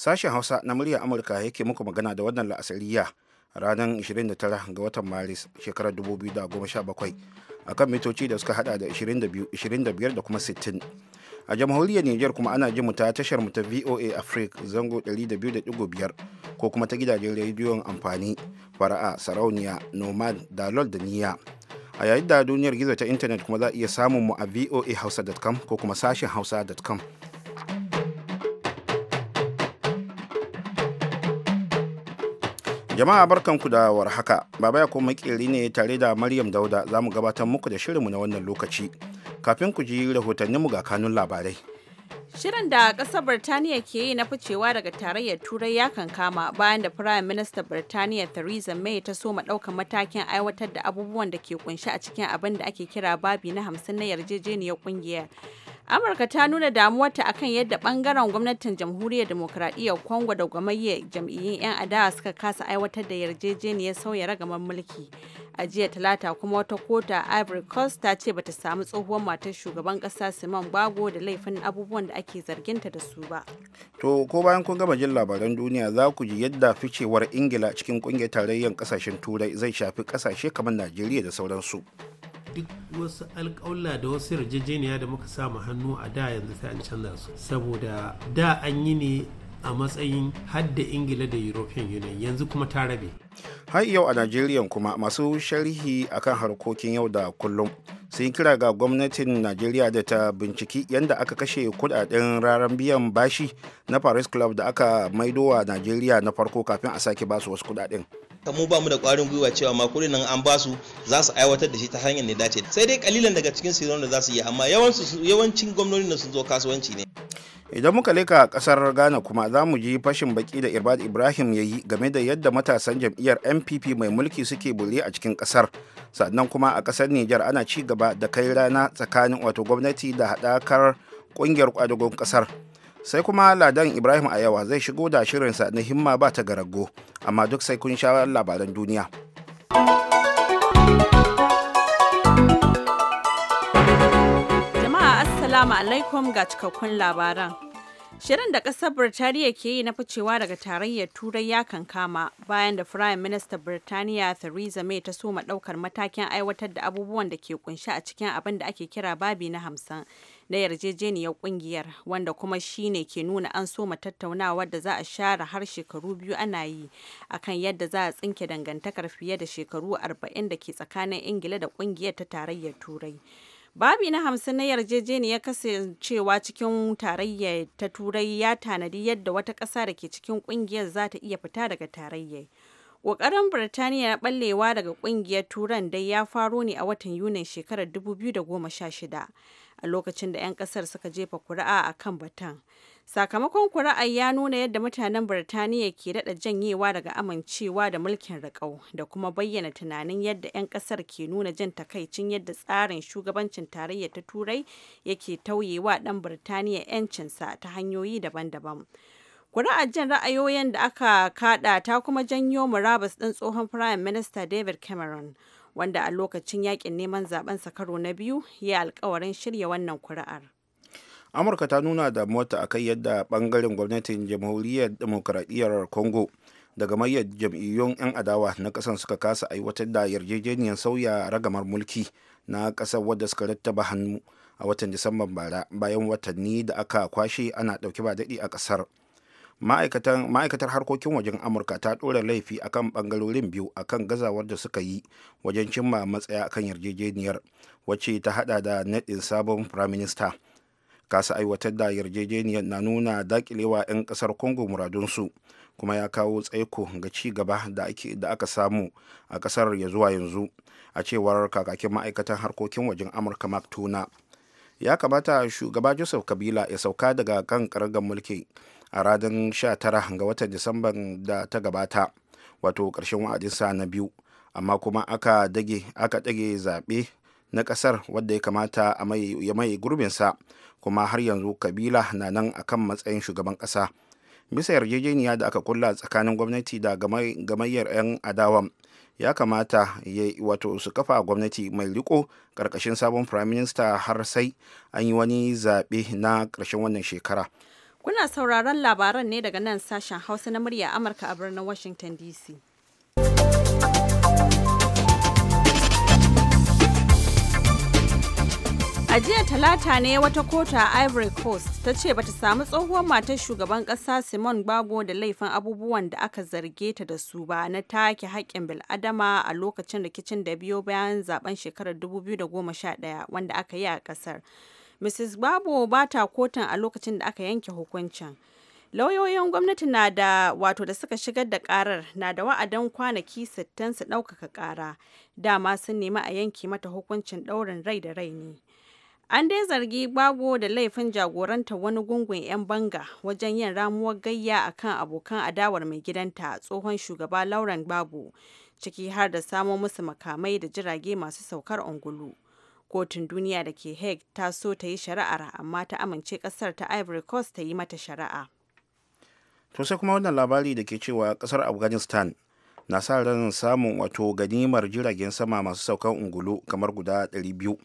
Sashen Hausa na muryar Amurka yake muku magana da wannan la'asariya ranar 29 ga watan Maris shekarar 2017 akan mitoci da suka hada da 25 da kuma 60. A jamhuriyar niger kuma ana jin ta tashar mu ta VOA Africa zango 200.5 ko kuma ta gidajen rediyon amfani fara'a sarauniya nomad dalol da niya. a yayin da duniyar gizo ta intanet kuma za a iya samun mu a voa voahausa.com ko kuma sashen hausa.com Jama'a barkan ku da warhaka. Baba ya kuma makeri ne tare da Maryam Dauda za mu gabatar muku da shirinmu na wannan lokaci. Kafin ku ji rahotanninmu ga kanun labarai. Shirin da ƙasar Birtaniya ke yi na ficewa daga tarayyar Turai ya kankama bayan da Firayim Minista Birtaniya Theresa May ta soma ɗaukar matakin aiwatar da abubuwan da ke kunshi a cikin abin da ake kira babi na hamsin na yarjejeniyar ƙungiyar. Amurka ta nuna damuwarta akan yadda bangaren gwamnatin Jamhuriyar Demokradiyyar Kongo da gwamayyar jam'iyyun 'yan adawa suka kasa aiwatar da yarjejeniyar sauya ragamar mulki. a jiya talata kuma wata kota ivory coast ta ce bata samu tsohuwar matar shugaban kasa simon bago da laifin abubuwan da ake zarginta da su ba to ko bayan kun gama jin labaran duniya za ku ji yadda ficewar ingila cikin kungiyar tarayyar kasashen turai zai shafi kasashe kamar najeriya da sauransu duk wasu alƙawla da wasu yarjejeniya da muka samu hannu a da yanzu sai an canza su saboda da an yi ne a matsayin hadda ingila da european union yanzu kuma ta rabe har yau a najeriya kuma masu sharhi akan harkokin yau da kullum sun yi kira ga gwamnatin najeriya da ta binciki yadda aka kashe kudaden raran biyan bashi na paris club da aka maidowa najeriya na farko kafin a sake basu wasu kudaden mu bamu da kwarin gwiwa cewa makurin nan an basu su za su aiwatar da shi ta hanyar da dace sai dai kalilan daga cikin su da za su yi amma yawancin gwamnoni na sun zo kasuwanci ne idan muka leka kasar ghana kuma za mu ji fashin baki da irbad ibrahim ya yi game da yadda matasan jam'iyyar npp mai mulki suke bule a cikin kasar sannan kuma a kasar niger ana ci gaba da kai rana tsakanin wato gwamnati da haɗakar ƙungiyar kwadagon kasar sai kuma ladan ibrahim ayawa zai shigo da shirinsa na himma ba ta garago amma duk sai kun sha labaran duniya jama'a assalamu alaikum ga cikakkun labaran shirin da ƙasar birtaniya ke yi na ficewa daga tarayyar turai ya kankama bayan da firayim minista birtaniya theresa may ta soma ɗaukar matakin aiwatar da abubuwan da ke kunshi a cikin abin da ake kira babi na hamsin na yarjejeniyar kungiyar wanda kuma shine ke nuna an soma tattaunawa da za a share har shekaru biyu ana yi akan yadda za a tsinke dangantakar fiye da shekaru 40 da ke tsakanin ingila da kungiyar ta tarayyar turai babi na hamsin na yarjejeniyar kasancewa cikin tarayyar ta turai ya tanadi yadda wata ƙasa da ke cikin kungiyar za ta iya fita daga tarayyar ƙoƙarin birtaniya na ɓallewa daga ƙungiyar turan dai ya faro ne a watan yunin shekarar 2016 a lokacin da 'yan kasar suka jefa kuri'a a kan batan, Sakamakon kuri'ar ya nuna yadda mutanen Birtaniya ke daɗa janyewa daga amincewa da mulkin riƙau da kuma bayyana tunanin yadda 'yan kasar ke nuna jin takaicin yadda tsarin shugabancin tarayya ta Turai yake tauyewa ɗan Birtaniya 'yancinsa ta hanyoyi daban-daban. Kuri'ar jin ra'ayoyin da aka kada ta kuma janyo murabus ɗin tsohon Firayim Minista David Cameron. wanda a lokacin yakin neman zaben karo na biyu ya alkawarin shirya wannan kuri'ar. amurka ta nuna damuwarta a kai yadda bangaren gwamnatin jamhuriyar demokuraɗiyyar congo daga mayar jam'iyyun 'yan adawa na ƙasar suka kasa aiwatar da yarjejeniyar sauya ragamar mulki na ƙasar wadda suka rattaba hannu a watan disamban bara bayan watanni da aka kwashe ana ɗauki ba daɗi a ƙasar ma'aikatar harkokin wajen amurka ta ɗora laifi akan ɓangarorin biyu akan gazawar da suka yi wajen cimma matsaya kan yarjejeniyar wacce ta hada da naɗin sabon firaminista kasa aiwatar da yarjejeniyar na nuna dakilewa 'yan ƙasar congo muradunsu kuma ya kawo tsaiko ga ci gaba da aka samu a ƙasar ya zuwa yanzu a cewar kakakin ma'aikatan harkokin wajen amurka mark tuna ya kamata shugaba joseph kabila ya sauka daga kan ƙargar mulki a ranar 19 ga watan disamban da ta gabata wato ƙarshen wa'adinsa na biyu amma kuma aka dage aka dage zaɓe na ƙasar wadda ya kamata ya mai sa kuma har yanzu kabila na nan akan matsayin shugaban ƙasa bisa yarjejeniya da aka kulla tsakanin gwamnati da gamayyar 'yan adawan ya kamata ya wato su kafa gwamnati mai riko ƙarƙashin sabon firaminista har sai an yi wani zaɓe na ƙarshen wannan shekara Kuna sauraron labaran ne daga nan sashen Hausa na murya Amurka a birnin Washington DC. A jiya talata ne wata kotu a Ivory Coast ta ce bata samu tsohuwar matar shugaban kasa Simon Gbagbo da laifin abubuwan da aka zarge ta da su ba na take haƙƙin bil'adama a lokacin rikicin da biyo bayan zaben shekarar 2011 wanda aka yi a ƙasar. Mrs. Gbagbo ba ta kotun a lokacin da aka yanke hukuncin. Lauyoyin gwamnati na da wato da suka shigar da karar na da wa'adan kwanaki 60 su ɗaukaka kara. Dama sun nemi a yanke mata hukuncin ɗaurin rai da rai ne. An dai zargi Gbagbo da laifin jagoranta wani gungun 'yan banga wajen yin ramuwar gayya a kan abokan adawar mai gidanta tsohon shugaba Lauren Gbagbo, ciki har da samo musu makamai da jirage masu saukar ungulu. kotun duniya da ke hague ta so ta yi shari'ar amma ta amince kasar ta ivory coast ta yi mata shari'a to sai kuma wannan labari da ke cewa kasar afghanistan na sa ran samun wato ganimar jiragen sama masu saukan ungulu kamar guda 200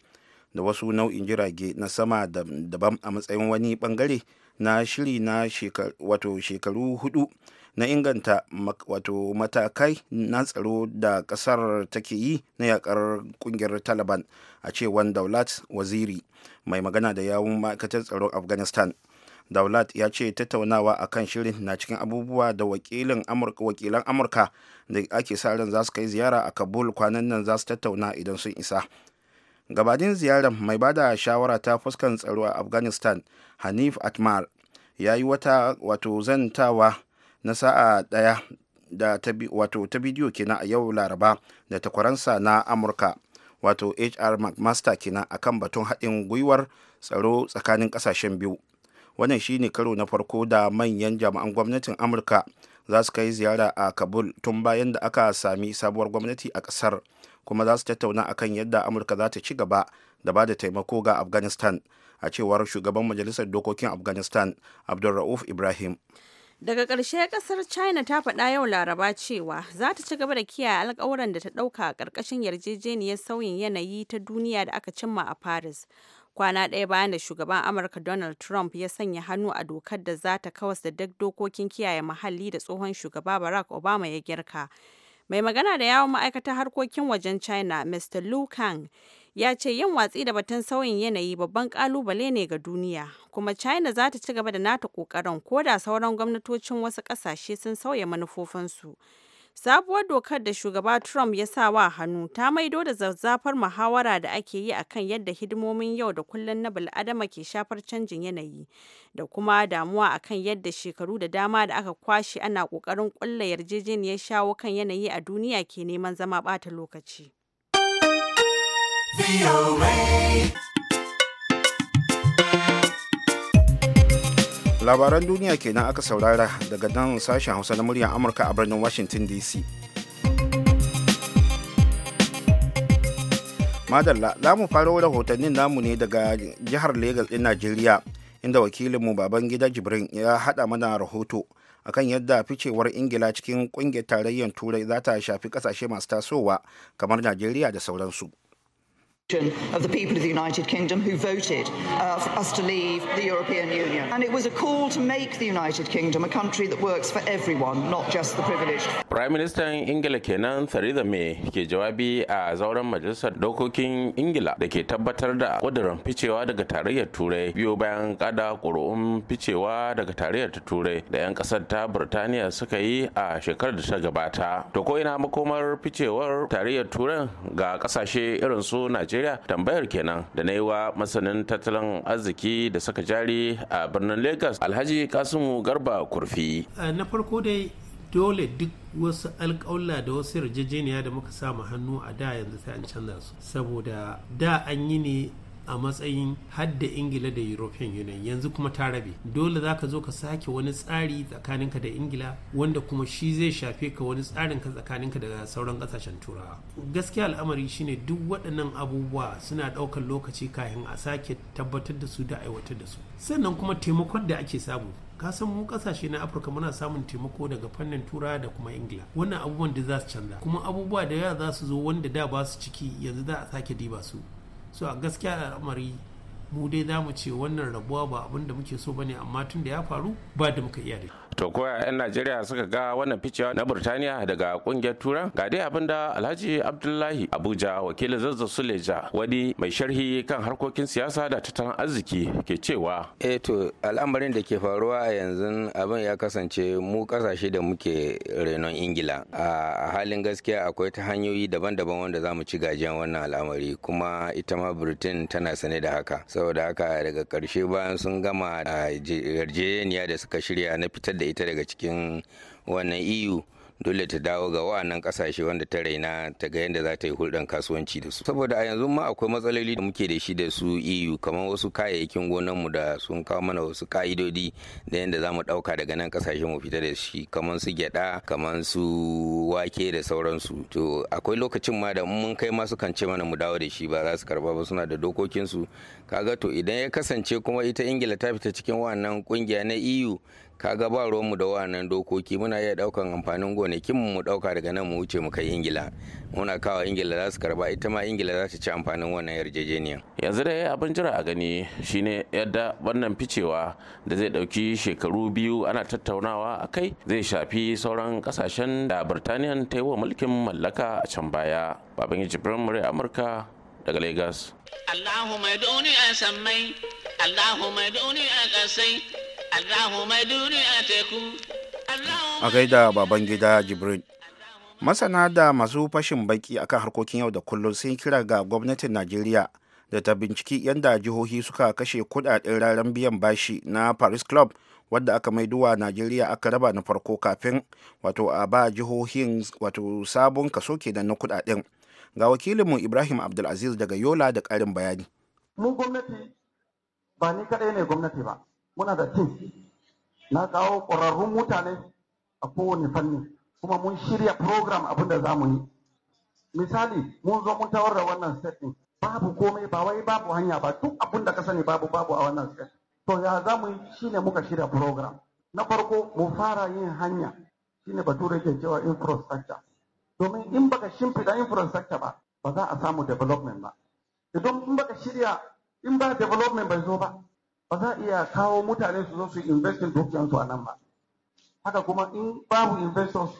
da wasu nau'in jirage na sama daban a matsayin wani bangare na shiri na wato shekaru hudu na inganta wato matakai na tsaro da kasar take yi na yakar kungiyar taliban a cewan daulat waziri mai magana da yawun ma'aikatar tsaron afghanistan daulat ya ce tattaunawa a kan shirin na cikin abubuwa da wakilin amurka wakilan amurka da ake sa ran za su kai ziyara a kabul kwanan nan za su tattauna idan sun isa gabadin ziyarar mai bada shawara ta fuskan tsaro a afghanistan hanif atmar ya yi wata wato zantawa na sa'a ɗaya da ta wato ta bidiyo kenan a yau laraba da takwaransa na amurka wato hr mcmaster kenan akan batun haɗin gwiwar tsaro tsakanin ƙasashen biyu wannan shine karo na farko da manyan jami'an gwamnatin amurka za su kai ziyara a kabul tun bayan da aka sami sabuwar gwamnati a ƙasar kuma za su tattauna akan yadda amurka za ta ci gaba da ba da taimako ga afghanistan a cewar shugaban majalisar dokokin afghanistan abdulra'uf ibrahim Daga ƙarshe ƙasar China ta faɗa yau Laraba cewa za ta ci gaba da kiyaye alƙawuran da ta ɗauka a ƙarƙashin yarjejeniyar sauyin yanayi ta duniya da aka cimma a Paris. Kwana ɗaya bayan da shugaban Amurka Donald Trump ya sanya hannu a dokar da za ta kawas da duk dokokin kiyaye muhalli da tsohon shugaba Barack Obama ya girka. Mai magana da yawon ma'aikatar harkokin wajen China, Mr. Lu Kang, ya ce yin watsi da batun sauyin yanayi babban kalubale ne ga duniya kuma china za ta ci gaba da nata kokarin ko da sauran gwamnatocin wasu kasashe sun sauya manufofinsu sabuwar dokar da shugaba trump ya sa wa hannu ta maido da zazzafar muhawara da ake yi akan yadda hidimomin yau da kullun na bil'adama ke shafar canjin yanayi da kuma damuwa akan yadda shekaru da dama da aka kwashe ana kokarin kulla yarjejeniyar shawo kan yanayi a duniya ke neman zama bata lokaci labaran duniya kenan aka saurara daga nan sashen hausa na muryar amurka a birnin washington dc madalla za mu faro rahotannin namu ne daga jihar legas ɗin najeriya inda wakilinmu baban gida jibrin ya haɗa mana rahoto akan yadda ficewar ingila cikin ƙungiyar tarayyar turai za ta shafi ƙasashe masu tasowa kamar najeriya da sauransu of the people of the United Kingdom who voted uh, for us to leave the European Union. And it was a call to make the United Kingdom a country that works for everyone, not just the privileged. Prime Minister Ingila kenan Theresa May ke jawabi a zauren majalisar dokokin Ingila da ke tabbatar da kudurin ficewa daga tarayyar Turai biyo bayan kada kuru'un ficewa daga tarayyar ta Turai da 'yan kasar ta Burtaniya suka yi a shekarar da ta gabata. To ko ina makomar ficewar tarayyar Turai ga ƙasashe irin su Najeriya najeriya tambayar kenan da na yi wa masanin tattalin arziki da saka jari a birnin lagos alhaji kasimu garba kurfi na farko dai dole duk wasu alƙawla da wasu yarjejeniya da muka samu hannu a da yanzu sai an canza su saboda da an yi ne a matsayin hadda ingila da european union yanzu kuma ta rabe dole za ka zo ka sake wani tsari tsakaninka da ingila wanda kuma shi zai shafe ka wani tsarin ka tsakaninka da sauran kasashen turawa gaskiya al'amari shine duk waɗannan abubuwa suna ɗaukar lokaci kafin a sake tabbatar da su da aiwatar da su sannan kuma taimakon da ake samu ka san mu kasashe na afirka muna samun taimako daga fannin tura da kuma ingila wannan abubuwan da za su canza kuma abubuwa da yawa za su zo wanda da ba su ciki yanzu za a sake diba su so a gaskiya al'amari mu dai za mu ce wannan rabuwa ba abin da muke so ba ne amma tun da ya faru ba da muka iya da to ko 'yan najeriya suka ga wannan ficewa na burtaniya daga kungiyar turan ga dai abin da alhaji abdullahi abuja wakilin zazza suleja wani mai sharhi kan harkokin siyasa da tattalin arziki ke cewa eh to al'amarin da ke faruwa a yanzu abin ya kasance mu kasashe da muke renon ingila a halin gaskiya akwai ta hanyoyi daban-daban wanda za mu ci gajiyan wannan al'amari kuma ita ma britain tana sane da haka saboda haka daga karshe bayan sun gama a yarjejeniya da suka shirya na fitar fitar da ita daga cikin wannan EU dole ta dawo ga wa'annan kasashe wanda ta raina ta ga yadda za ta yi hulɗar kasuwanci da su saboda a yanzu ma akwai matsaloli da muke da shi da su eu kamar wasu kayayyakin gonanmu da sun kawo mana wasu ka'idodi da yadda za mu ɗauka daga nan kasashen mu fita da shi kamar su gyaɗa kamar su wake da sauransu to akwai lokacin ma da mun kai ma su ce mana mu dawo da shi ba za su karba ba suna da dokokinsu kaga to idan ya kasance kuma ita ingila ta fita cikin wannan kungiya na eu Ka ga ba mu da wannan dokoki muna iya daukan amfanin gonakin mu dauka daga nan mu wuce mu kai ingila muna kawo ingila za su karba ita ma ingila za ta ci amfanin wannan yarjejeniyar yanzu dai abin jira a gani shine yadda wannan ficewa da zai dauki shekaru biyu ana tattaunawa a kai zai shafi sauran kasashen da birtaniya ta yi wa mulkin mallaka a can baya baban jibrin murai amurka daga lagos Allahu a sammai Allahu a kasai a gaida baban gida jibril masana da masu fashin baki akan harkokin yau da kullum sun kira ga gwamnatin najeriya da ta binciki yadda jihohi suka kashe kudaden raran biyan bashi na paris club wadda aka maiduwa najeriya aka raba na farko kafin wato a ba jihohin wato sabon kaso kenan na kudaden ga wakilinmu ibrahim abdulaziz daga yola da karin bayani mu gwamnati ba ni kadai ne gwamnati ba muna da team na kawo ƙwararrun mutane a kowane fanni kuma mun shirya program abin da za mu yi misali mun zo mun tawar da wannan set babu komai ba wai babu hanya ba duk abin da ka sani babu babu a wannan set to ya za mu yi shine muka shirya program na farko mu fara yin hanya shine bature ke cewa infrastructure domin in baka shimfiɗa infrastructure ba ba za a samu development ba idan in baka shirya in ba development bai zo ba ba za a iya kawo mutane su zo su investin dukiyansu a nan ba haka kuma in babu investors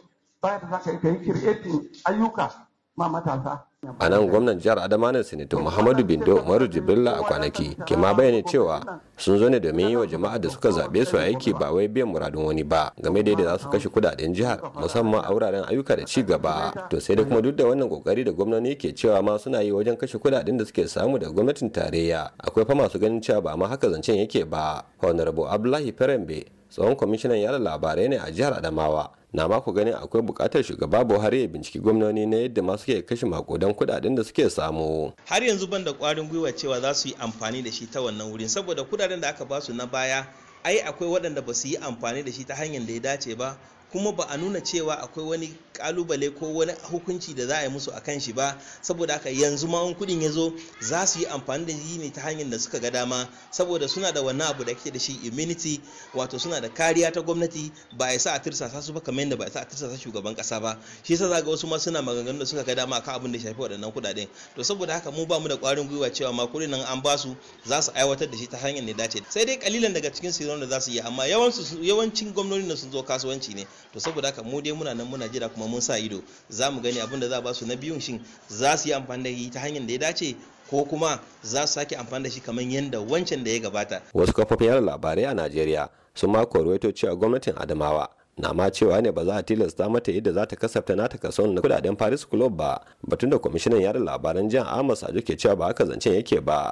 baya da za ka yi creating ayyuka ma matasa a nan gwamnan jihar adamanin sanato muhammadu bindo umaru jibrila a kwanaki ke ma bayyana cewa sun zo ne domin yi wa jama'a da suka zaɓe su aiki ba wai biyan muradun wani ba game da yadda za su kashe kudaden jihar musamman a wuraren ayyuka da ci gaba to sai da kuma duk da wannan kokari da gwamnati ke cewa ma suna yi wajen kashe kudaden da suke samu da gwamnatin tarayya akwai fa masu ganin cewa ba ma haka zancen yake ba honorable abdullahi ferembe tsohon kwamishinan yada labarai ne a jihar adamawa na mako ganin akwai bukatar shugaba buhari ya binciki gwamnoni na yadda ma suke kashe makudan kudaden da suke samu har yanzu ban da kwarin gwiwa cewa za su yi amfani da shi ta wannan wurin saboda kudaden da aka basu na baya ai akwai waɗanda ba su yi amfani da shi ta hanyar da ya dace ba kuma ba a nuna cewa akwai wani kalubale ko wani hukunci da za a yi musu a kan shi ba saboda haka yanzu ma kudin ya zo za su yi amfani da yi ne ta hanyar da suka ga dama saboda suna da wannan abu da ke da shi immunity wato suna da kariya ta gwamnati ba ya sa a tirsasa su ba kamar yadda ba ya sa a tirsasa shugaban kasa ba shi yasa za ga wasu ma suna maganganu da suka ga dama akan abin da shafi waɗannan kudaden to saboda haka mu ba mu da ƙwarin gwiwa cewa ma kudin nan an ba su za su aiwatar da shi ta hanyar ne dace sai dai kalilan daga cikin su da za su yi amma yawancin gwamnonin sun zo kasuwanci ne to saboda haka mu dai muna nan muna jira kuma mun sa ido za mu gani abin da za a ba su na biyun shin za su yi amfani da shi ta hanyar da ya dace ko kuma za su sake amfani da shi kamar yadda wancan da ya gabata wasu kafofin yara labarai a najeriya sun mako ruwaito cewa gwamnatin adamawa na ma cewa ne ba za a tilasta mata yadda za ta kasafta nata kaso na kudaden Paris Club ba batun da kwamishinan yada labaran jihar Amos a ke cewa ba haka zancen yake ba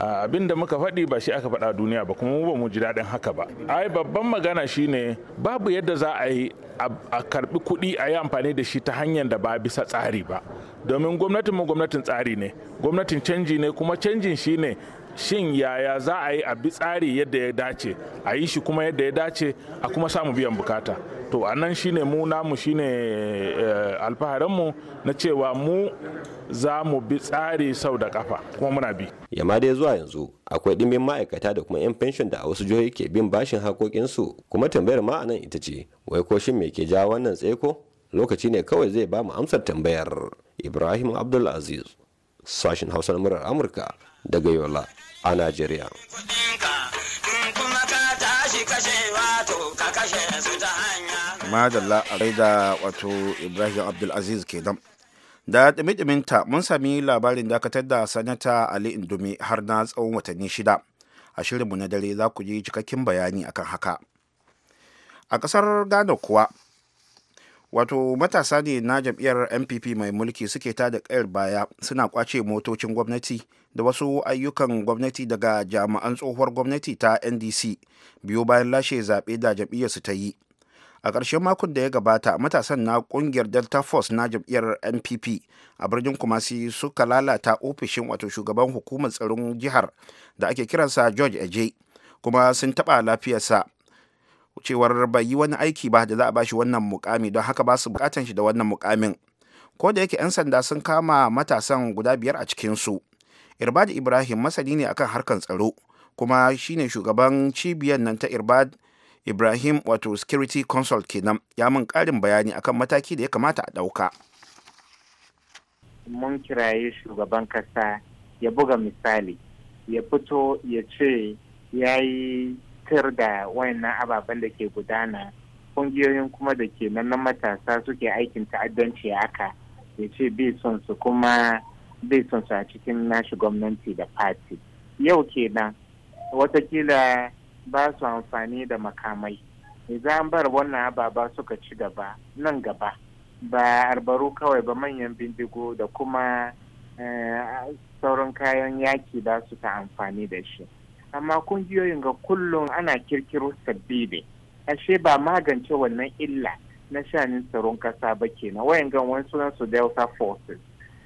abin da muka faɗi ba shi aka faɗa duniya ba kuma ba mu ji daɗin haka ba ai babban magana shine babu yadda za a yi a karbi kuɗi a yi amfani da shi ta hanyar da ba bisa tsari ba domin gwamnatin mu gwamnatin tsari ne gwamnatin canji ne kuma canjin shine shin yaya za a yi a bi tsari yadda ya dace a yi shi kuma yadda ya dace a kuma samu biyan bukata to a nan shine mu namu shine eh, alfaharinmu na cewa mu za mu bi tsari sau da kafa kuma muna bi yamma dai zuwa yanzu akwai ɗimbin ma'aikata da kuma 'yan fenshon da a wasu jihohi ke bin bashin hakokinsu kuma tambayar ma a nan ita ce wai ko shin me ke jawo wannan tsaiko lokaci ne kawai zai ba mu amsar tambayar ibrahim abdulaziz sashen hausa na murar amurka daga yola a najeriya madalla a da wato ibrahim abdulaziz kenan da ɗumi-ɗuminta mun sami labarin dakatar da sanata ali indumi har na tsawon watanni shida a shirinmu na dare za ku yi cikakken bayani akan haka a ƙasar ghana kuwa wato matasa ne na jam'iyyar npp mai mulki suke ta da kayar baya suna kwace motocin gwamnati da wasu ayyukan gwamnati daga jami'an tsohuwar gwamnati ta ndc biyu bayan lashe zaɓe da jam'iyyarsu ta yi a ƙarshen makon da ya gabata matasan na ƙungiyar delta force na jam'iyyar npp a birnin kumasi suka lalata ofishin wato shugaban hukumar tsaron jihar da ake kiransa george eje kuma sun taɓa lafiyarsa cewar bai yi wani aiki ba da za a bashi wannan mukami don haka ba su bukatan shi da wannan mukamin ko da yake 'yan sanda sun kama matasan guda biyar a cikinsu irbad ibrahim masani ne akan harkar tsaro kuma shine shugaban cibiyar nan ta irbad ibrahim wato security consult kenan ya min karin bayani akan mataki da ya kamata a ɗauka mun kiraye shugaban kasa ya buga misali ya fito ya ce ya yi fitar da wayannan ababen da ke gudana ƙungiyoyin kuma da ke nan matasa suke aikin ta'addanci haka ya ce bai son su kuma bai son su a cikin nashi gwamnati da fati yau kenan watakila ba su amfani da makamai idan bar wannan ababa suka ci gaba nan gaba ba arbaru kawai ba manyan bindigo da kuma eh, sauran kayan yaki ba su ta amfani da shi amma kungiyoyin ga kullum ana kirkiro sabbi ne ashe ba magance wannan illa na shanin tsaron kasa ba ke na wayan gan wani sunan su delta forces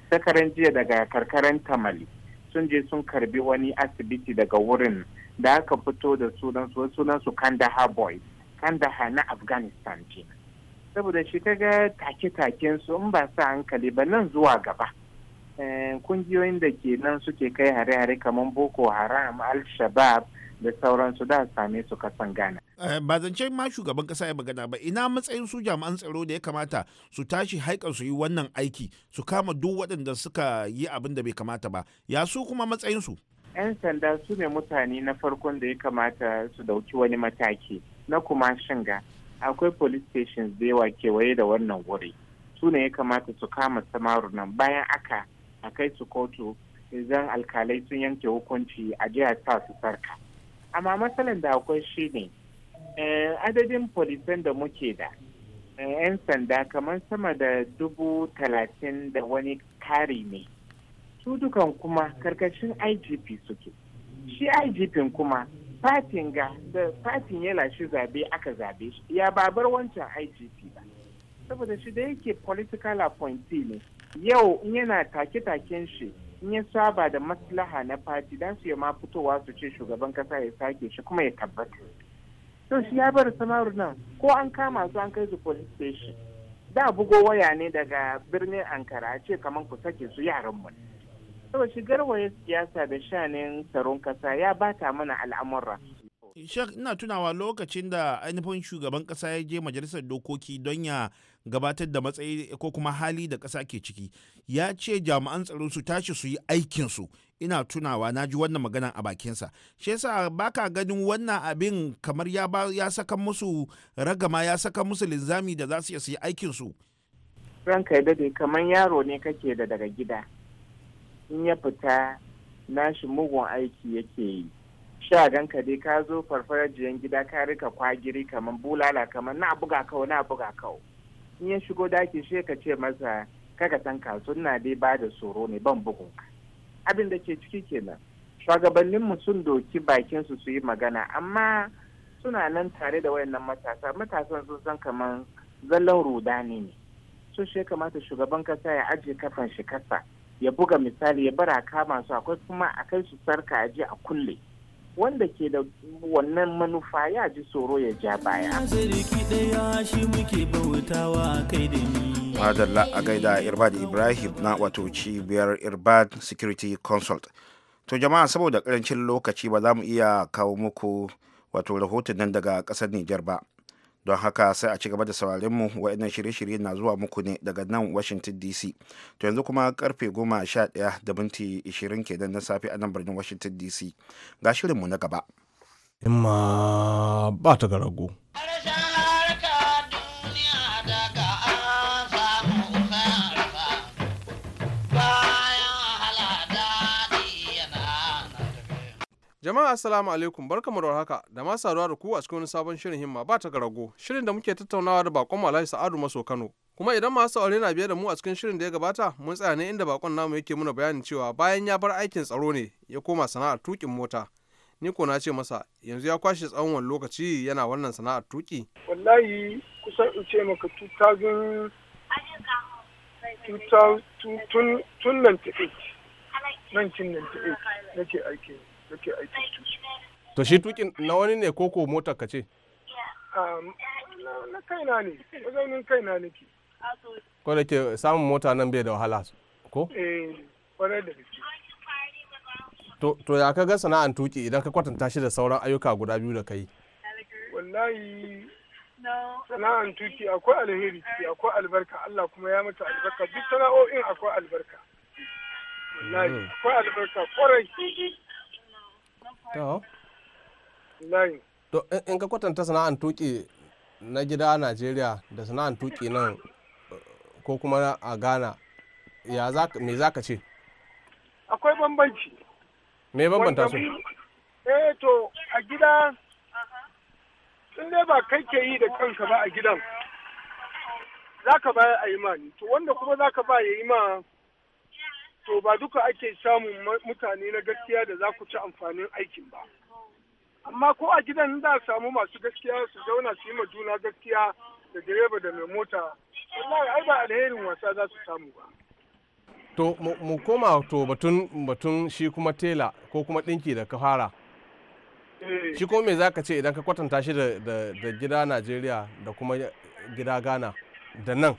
sakaran jiya daga karkaran tamale sun je sun karbi wani asibiti daga wurin da aka fito da sunan su sunan su kandaha boys kandaha na afghanistan ce saboda shi kaga take-taken su in ba sa hankali ba nan zuwa gaba Eh, kungiyoyin da ke nan suke kai hare-hare kamar boko haram al-shabab da sauransu da same su kasan gana eh, ba zance ma shugaban kasa ya magana ba ina matsayin su jami'an tsaro da ya kamata su tashi haikan su yi wannan aiki su kama duk waɗanda suka yi abin da bai kamata ba ya su kuma matsayin su 'yan sanda su ne mutane na farkon da ya kamata su dauki wani mataki na kuma shinga akwai police stations da yawa kewaye da wannan wuri su ne ya kamata su kama samaru nan bayan aka a kai su kotu idan alkalai sun yanke hukunci a jiya ta su sarka amma matsalan da akwai shi ne eh, adadin polisan da muke da eh, 'yan sanda kamar sama da dubu talatin da wani kari ne su dukan kuma karkashin igp suke shi igp kuma fatin ga da fatin yala shi zabe aka zabe shi ya babar wancan igp ba saboda shi da yake political appointee ne yau in yana take-taken shi in ya saba da maslaha na fati dan su ma fitowa su ce shugaban kasa ya sake shi kuma ya tabbata to shi ya bar samaru nan ko an kama su an kai su police station da bugo waya ne daga birnin ankara ce kamar ku sake su yaran mu to shigar garwaye siyasa da shanin tsaron kasa ya bata mana al'amura shek ina tunawa lokacin da ainihin shugaban kasa ya je majalisar dokoki don ya gabatar da matsayi ko kuma hali da kasa ke ciki ya ce jami'an tsaro su tashi su yi aikinsu ina tunawa na ji wannan magana a bakinsa shi yasa baka ganin wannan abin kamar ya saka musu ragama ya saka musu linzami da za su iya su yi aikinsu ranka ya dade kamar yaro ne kake da daga gida in ya fita nashi mugun aiki yake yi sha ganka dai ka zo farfarar jiyan gida ka rika kwagiri kaman bulala kaman na buga kawo na buga kawo in ya shigo daki shi ka ce masa kaka san kasu na dai ba da tsoro ne ban bugun abin da ke ciki kenan shugabanninmu sun doki bakin su su yi magana amma suna nan tare da wayannan matasa matasan sun san kamar zallan rudani ne so shi kamata shugaban kasa ya ajiye kafan shi kasa ya buga misali ya bara kama su akwai kuma a kai su sarka aje a kulle wanda ke da wannan manufa ya ji tsoro ya ja baya. Fadar a Irbad Ibrahim na wato cibiyar Irbad Security Consult. To jama'a saboda karancin lokaci ba za mu iya kawo muku wato rahoton nan daga ƙasar Nijar ba. don haka sai a ci gaba da sauraren mu wa'annan shirye-shirye na zuwa muku ne daga nan washington dc to yanzu kuma karfe goma sha ɗaya da minti ishirin kenan na safe a nan birnin washington dc ga shirinmu na gaba. imma ba ta garago. Jama'a assalamu alaikum barkamu da haka da ma saduwa da ku a cikin wani sabon shirin himma ba ta garago shirin da muke tattaunawa da bakon Alhaji Sa'adu Maso Kano kuma idan masu saurare na biye da mu a cikin shirin da ya gabata mun tsaya ne inda bakon namu yake muna bayanin cewa bayan ya bar aikin tsaro ne ya koma sana'ar tukin mota ni ko na ce masa yanzu ya kwashe tsawon wani lokaci yana wannan sana'ar tuki wallahi kusan in ce maka tun 1998 nake aiki nake aiki tuki to shi tukin na wani ne ko mota ka ce um, na kaina ne mazaunin kaina nake ah, ko da ke samun mota nan bai da wahala ko eh kwarai da gaske to ya ka ga sana'an tuki idan ka kwatanta shi da sauran ayyuka guda biyu da kai wallahi sana'an tuki akwai alheri akwai albarka Allah kuma ya mata albarka duk sana'o'in akwai albarka wallahi mm. akwai albarka kwarai to to in ka kwatanta sana'an tuki na gida a najeriya da sana'an tuki nan eh, ko kuma a ghana ya me za ka ce akwai bambanci me bambanta su eh to a gida in dai ba kai ke yi da kanka ba a gidan za ka ba a yi ma to wanda kuma za ka ba ya yi ma to ba duka ake samun mutane na gaskiya da za ku ci amfanin aikin ba amma ko a gidan da samu masu gaskiya su zauna su yi ma juna gaskiya da direba da mai mota wallahi ai ba alherin wasa za su samu ba to mu koma to batun batun shi kuma tela ko kuma dinki da ka fara eh. shi ko me zaka ce idan ka kwatanta shi da gida Najeriya da kuma gida Ghana da nan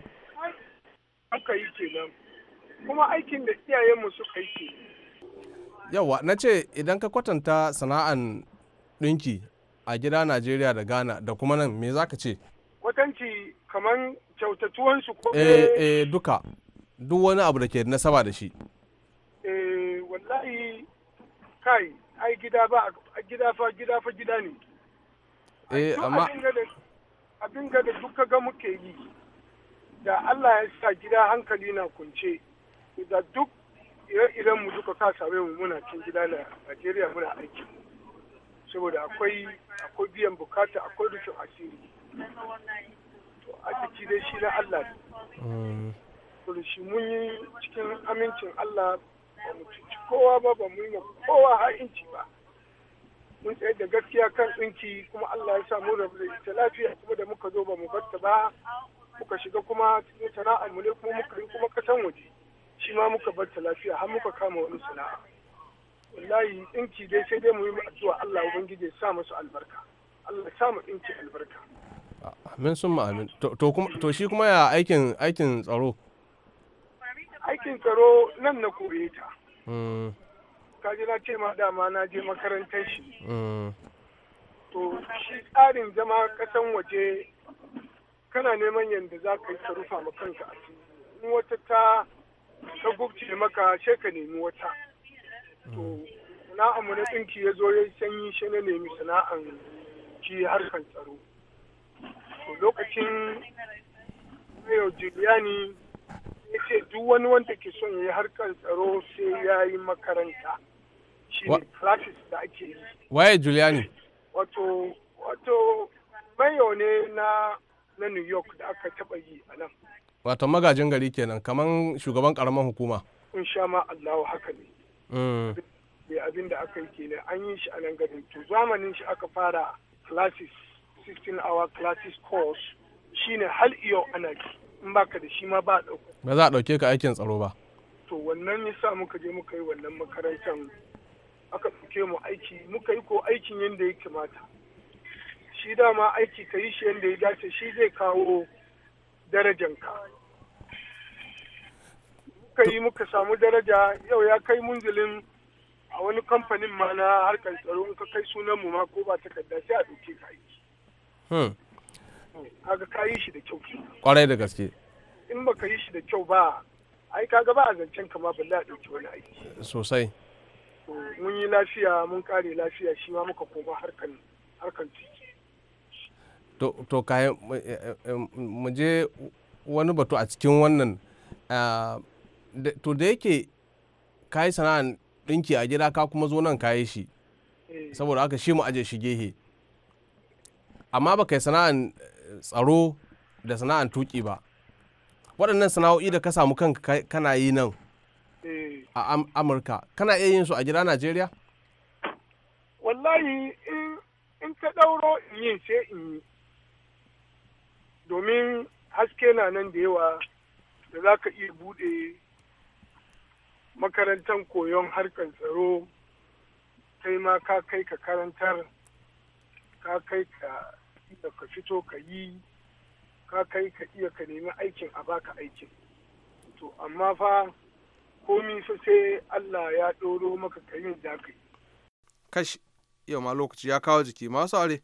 yi kenan kuma aikin da iyayenmu suka yi yawa na ce idan ka kwatanta sana'an ɗinki a gida najeriya da ghana da kuma nan me za ka ce kwatanci kamar kyautatuwansu ko e, e, duka duk wani abu da ke nasaba da shi e, wallahi kai ai gida ba a gida fa gida fa gida ne e, amma abin ga da duka ga muke yi da Allah ya sa gida hankali na kunce da duk idan mu duka kasa same mu muna cin gida na Najeriya muna aiki saboda akwai akwai biyan bukata akwai rufin asiri to arziki dai shi na Allah ne mm. to shi mun yi cikin amincin Allah ba mu cuci kowa ba ba mu yi kowa har inci ba mun tsaye da gaskiya kan tsinki kuma Allah ya samu da ita lafiya kuma da muka zo ba mu batta ba muka shiga kuma cikin sana'ar mu ne kuma muka yi kuma kasan waje shi ma muka bar ta lafiya har muka kama wani sana'a wallahi dinki dai sai dai mu yi addu'a Allah ubangiji ya sa musu albarka Allah ya sa mu dinki albarka amin sun ma amin to shi kuma ya aikin aikin tsaro aikin tsaro nan na koye ta mm. ka ji na ce ma dama na je makarantar shi mm. to shi tsarin zama kasan waje kana neman yadda za ka yi ka rufa ma kanka a in wata ta ta gubce maka sai ka nemi wata to sana'anmu na ɗinki ya zo ya sanyi shi na nemi sana'an ki harkan tsaro to lokacin yau Juliani ya ce duk wani wanda ke son ya yi harkan tsaro sai ya yi makaranta shi ne practice da ake yi waye Juliani? wato wato mayo ne na na New York da aka taɓa yi a nan wato magajin gari kenan kaman shugaban karamar hukuma In sha ma Allahu haka ne mm. me abin da aka yi kenan an yi shi a nan garin to zamanin shi aka fara classes 16 hour classes course shine hal iyo ana in baka da shi ma ba dauko ba za a dauke ka aikin tsaro ba to wannan yasa muka je muka yi wannan makarantar aka fuke mu aiki muka yi ko aikin yadda ya kamata shi dama aiki ka yi shi yadda ya dace shi zai kawo darajanka muka yi muka samu daraja yau ya kai munzilin a wani kamfanin ma na harkar tsaro muka kai sunan mu ma ko ba takarda sai a ɗauke ka yi. Hmm. kaga ka yi shi da kyau kwarai da gaske in baka yi shi da kyau ba ai kaga ba a zancen ka ma balle a ɗauki wani aiki sosai mun yi lafiya mun kare lafiya shi ma muka koma harkan harkan ciki to kayan eh, eh, eh, mu je wani batu a cikin wannan ah, to da yake ka yi sana'an ɗinki a gida ka kuma zo nan ka yi shi saboda haka shi mu aje shi gehe amma ba kai sana'an tsaro da sana'an tuki ba waɗannan sana'o'i da ka samu kanka kana yi nan a amurka kana iya yin su a gida najeriya wallahi in ka ɗauro in yin sai in yi domin haske na nan da yawa da za ka iya bude makarantar koyon harkar tsaro kai ma ka kai ka karantar ka kai ka iya ka fito ka yi ka kai ka iya ka nemi aikin a baka aikin to amma fa komi fa sai Allah ya ɗoro maka ka yi da ka kash yau ma lokaci ya kawo jiki masu are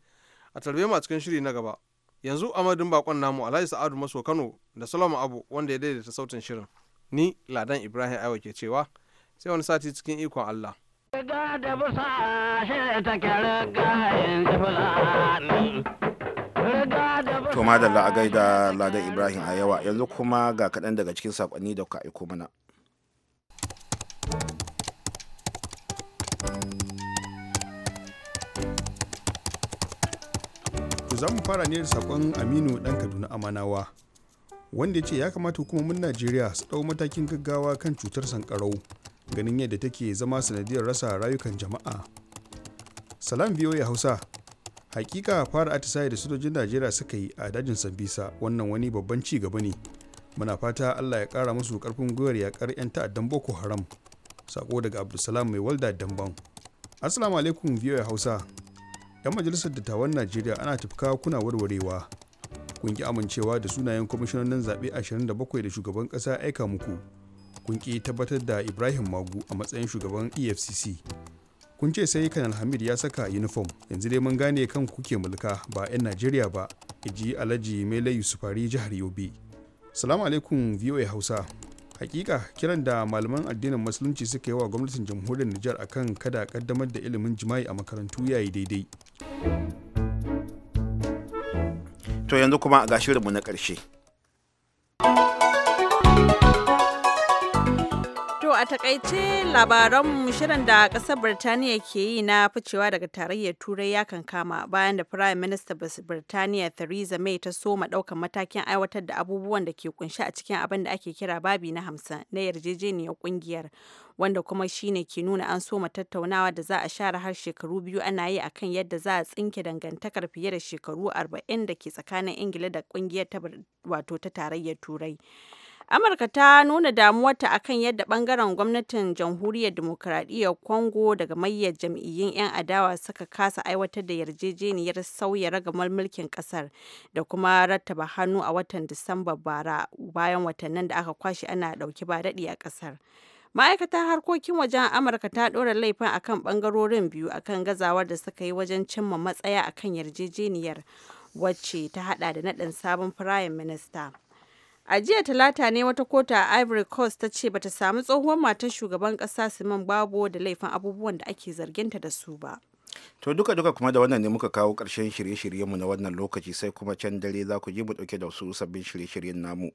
a tarbe mu cikin shiri na gaba yanzu madadin bakon namu alhaji sa'adu maso kano da solomon abu wanda ya daidaita sautin shirin ni ladan ibrahim aiwa ke cewa sai wani sati cikin ikon allah Riga da busa da Ladan Ibrahim a yawa yanzu kuma ga kaɗan daga cikin saƙonni da kuka aiko mana. To za mu fara ne da sakon Aminu ɗan Kaduna Amanawa wanda ya ce ya kamata hukumomin Najeriya su ɗau matakin gaggawa kan cutar sankarau ganin yadda take zama sanadiyar rasa rayukan jama'a. Salam ya Hausa hakika fara atisaye da sojojin Najeriya suka yi a dajin Sambisa wannan wani babban ci gaba ne. Muna fata Allah ya ƙara musu ƙarfin gwiwar yaƙar 'yan ta'addan Boko Haram. Sako daga Abdulsalam mai walda Damban. Assalamu alaikum ya Hausa. 'yan majalisar dattawan najeriya ana tafka kuna warwarewa kun ki amincewa da sunayen kwamishinan zaɓe 27 da shugaban ƙasa aika muku kun ki tabbatar da ibrahim magu a matsayin shugaban efcc kun ce sai kanal hamid ya saka uniform yanzu dai mun gane kan kuke mulka ba 'yan najeriya ba ji alhaji mele yusufari jihar yobe salamu alaikum voa hausa hakika kiran da malaman addinin musulunci suka yi wa gwamnatin jamhuriyar nijar akan kada kaddamar da ilimin jima'i a makarantu yayi daidai To yanzu kuma ga shirinmu na ƙarshe. a takaice labaran shirin da kasar Birtaniya ke yi na ficewa daga tarayyar Turai ya kankama bayan da Firayim Minister Birtaniya Theresa May ta soma ɗaukan matakin aiwatar da abubuwan da ke kunshi a cikin abin da ake kira babi na hamsin na yarjejeniyar kungiyar wanda kuma shine ke nuna an soma tattaunawa da za a share har shekaru biyu ana yi akan yadda za a tsinke dangantakar fiye da shekaru 40 da ke tsakanin Ingila da kungiyar ta wato ta tarayyar Turai. Amurka ta nuna damuwarta akan yadda bangaren gwamnatin Jamhuriyar Dimokuraɗiyyar Kongo daga mayyar jam'iyyun 'yan adawa suka kasa aiwatar da yarjejeniyar sauya ragamar mulkin kasar da kuma rattaba hannu a watan Disamba bara bayan watannin da aka kwashe ana dauki ba daɗi a kasar. Ma'aikatar harkokin wajen Amurka ta ɗora laifin akan bangarorin biyu akan gazawar da suka yi wajen cimma matsaya akan yarjejeniyar wacce ta hada da naɗin sabon firayim minista. A jiya Talata ne wata kotu a Ivory Coast ta ce bata samu tsohuwar matar shugaban ƙasa Simon Babo da laifin abubuwan da ake zarginta da su ba. To duka duka kuma da wannan ne muka kawo karshen shirye shiryen mu na wannan lokaci sai kuma can dare za ku ji mu ɗauke da su sabbin shirye-shiryen namu.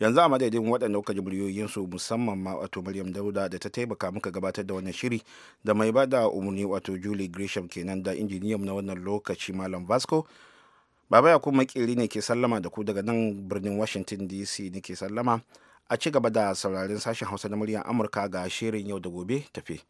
Yanzu a madadin waɗanda kuka ji su musamman ma wato Maryam Dauda da ta taimaka muka gabatar da wannan shiri da mai bada umarni wato Julie Gresham kenan da injiniyan na wannan lokaci Malam Vasco. Baba ya makeri ne ke sallama da ku daga nan birnin Washington DC nake sallama a ci gaba da sauraron sashen Hausa na muryar Amurka ga shirin yau da gobe tafe.